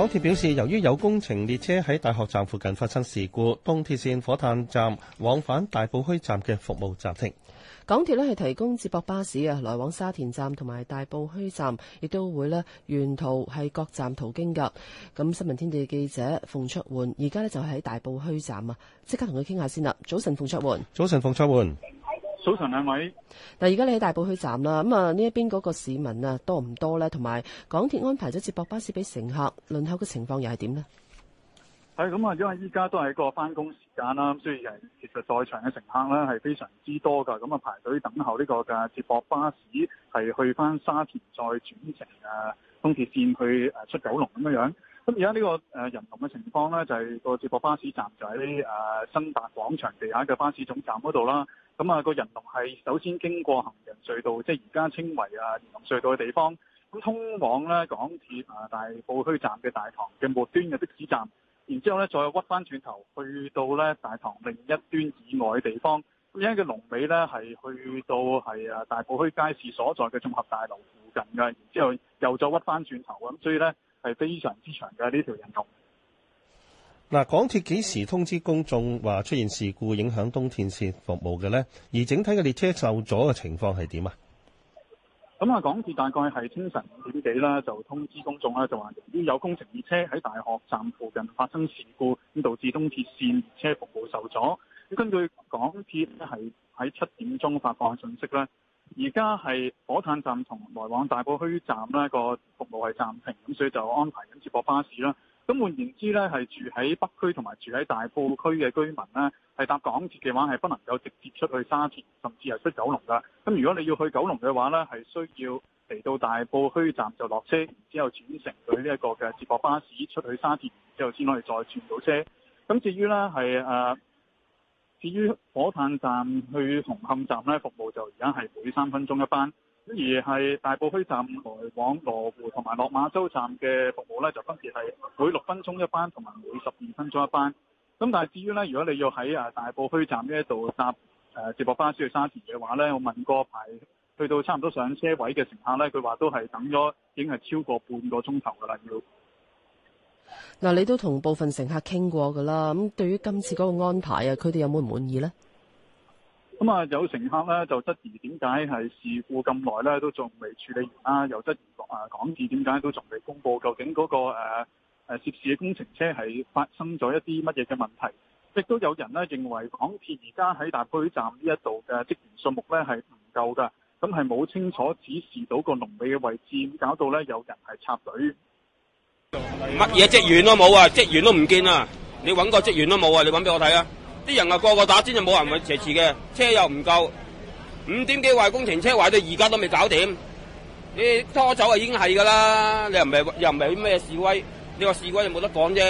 港鐵表示，由於有工程列車喺大學站附近發生事故，東鐵線火炭站往返大埔墟站嘅服務暫停。港鐵咧係提供接駁巴士啊，來往沙田站同埋大埔墟站，亦都會咧沿途係各站途經㗎。咁新聞天地嘅記者馮卓垣而家咧就喺大埔墟站啊，即刻同佢傾下先啦。早晨，馮卓垣。早晨，馮卓垣。早晨，兩位。嗱，而家你喺大埔墟站啦，咁啊呢一邊嗰個市民啊多唔多咧？同埋港鐵安排咗接駁巴士俾乘客輪候嘅情況又係點呢？係咁啊，因為依家都係個翻工時間啦，所以係其實在場嘅乘客咧係非常之多噶。咁啊排隊等候呢個嘅接駁巴士係去翻沙田再轉乘啊，東鐵綫去誒出九龍咁樣樣。咁而家呢個誒人龍嘅情況咧，就係個接駁巴士站就喺誒新達廣場地下嘅巴士總站嗰度啦。咁啊，個人龍係首先經過行人隧道，即係而家稱為啊，人龍隧道嘅地方，咁通往咧港鐵啊大埔墟站嘅大堂嘅末端嘅的士站，然之後咧再屈翻轉頭去到咧大堂另一端以外嘅地方，咁樣嘅龍尾咧係去到係啊大埔墟街市所在嘅綜合大樓附近嘅，然之後又再屈翻轉頭，咁所以咧係非常之長嘅呢條人龍。嗱，港鐵幾時通知公眾話出現事故影響東鐵線服務嘅呢？而整體嘅列車受阻嘅情況係點啊？咁啊，港鐵大概係清晨五點幾啦，就通知公眾啦，就話由於有工程列車喺大學站附近發生事故，咁導致東鐵線列車服務受阻。咁根據港鐵咧係喺七點鐘發放嘅信息呢，而家係火炭站同來往大埔墟站呢個服務係暫停，咁所以就安排緊接駁巴士啦。咁換言之咧，係住喺北區同埋住喺大埔區嘅居民咧，係搭港鐵嘅話，係不能夠直接出去沙田，甚至係出九龍㗎。咁如果你要去九龍嘅話咧，係需要嚟到大埔墟站就落車，然之後轉乘佢呢一個嘅接駁巴士出去沙田，之後先可以再轉到車。咁至於咧係，呃，至於火炭站去紅磡站咧，服務就而家係每三分鐘一班。而係大埔墟站來往羅湖同埋落馬洲站嘅服務咧，就分別係每六分鐘一班同埋每十二分鐘一班。咁但係至於咧，如果你要喺啊大埔墟站呢一度搭誒接駁巴士去沙田嘅話咧，我問過排去到差唔多上車位嘅乘客咧，佢話都係等咗已經係超過半個鐘頭噶啦。要嗱，你都同部分乘客傾過噶啦。咁對於今次嗰個安排啊，佢哋有冇唔滿意咧？咁啊，有乘客咧就質疑點解係事故咁耐咧都仲未處理完啦、啊？又質疑啊港鐵點解都仲未公布究竟嗰、嗰個、誒誒、涉事嘅工程車係發生咗一啲乜嘢嘅問題？亦都有人咧認為港鐵而家喺大埔站呢一度嘅職員數目咧係唔夠㗎，咁係冇清楚指示到個龍尾嘅位置，搞到咧有人係插隊。乜嘢職員都冇啊？職員都唔見啊？你揾個職員都冇啊？你揾俾我睇啊？啲人啊，個個打尖就冇人維持嘅，車又唔夠，五點幾壞工程車壞到而家都未搞掂，你拖走啊已經係噶啦，你又唔係又唔係咩示威，你話示威又冇得講啫，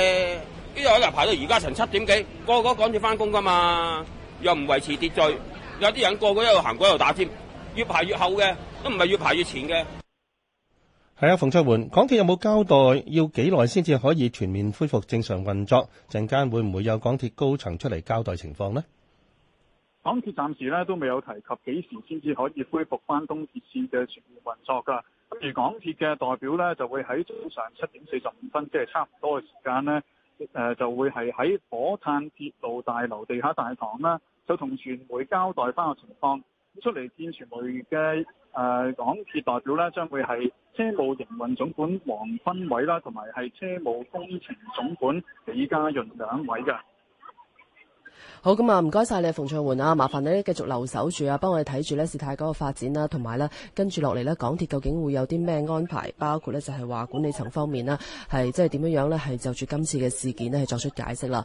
啲人排到而家成七點幾，個個趕住翻工噶嘛，又唔維持秩序，有啲人個個一路行過一路打尖，越排越後嘅，都唔係越排越前嘅。係啊，馮卓垣，港鐵有冇交代要幾耐先至可以全面恢復正常運作？陣間會唔會有港鐵高層出嚟交代情況呢？港鐵暫時咧都未有提及幾時先至可以恢復翻東鐵綫嘅全面運作噶。咁而港鐵嘅代表咧，就會喺早上七點四十五分，即係差唔多嘅時間咧，誒，就會係喺火炭鐵路大樓地下大堂啦，就同傳媒交代翻個情況。出嚟見傳媒嘅誒、呃、港鐵代表咧，將會係車務營運總管黃斌偉啦，同埋係車務工程總管李家潤兩位噶。好，咁啊，唔該晒你，馮卓垣啊，麻煩你咧繼續留守住啊，幫我哋睇住呢事態嗰個發展啦，同埋呢，跟住落嚟呢，港鐵究竟會有啲咩安排？包括呢，就係、是、話管理層方面啦，係即係點樣樣呢？係就住今次嘅事件呢，係作出解釋啦。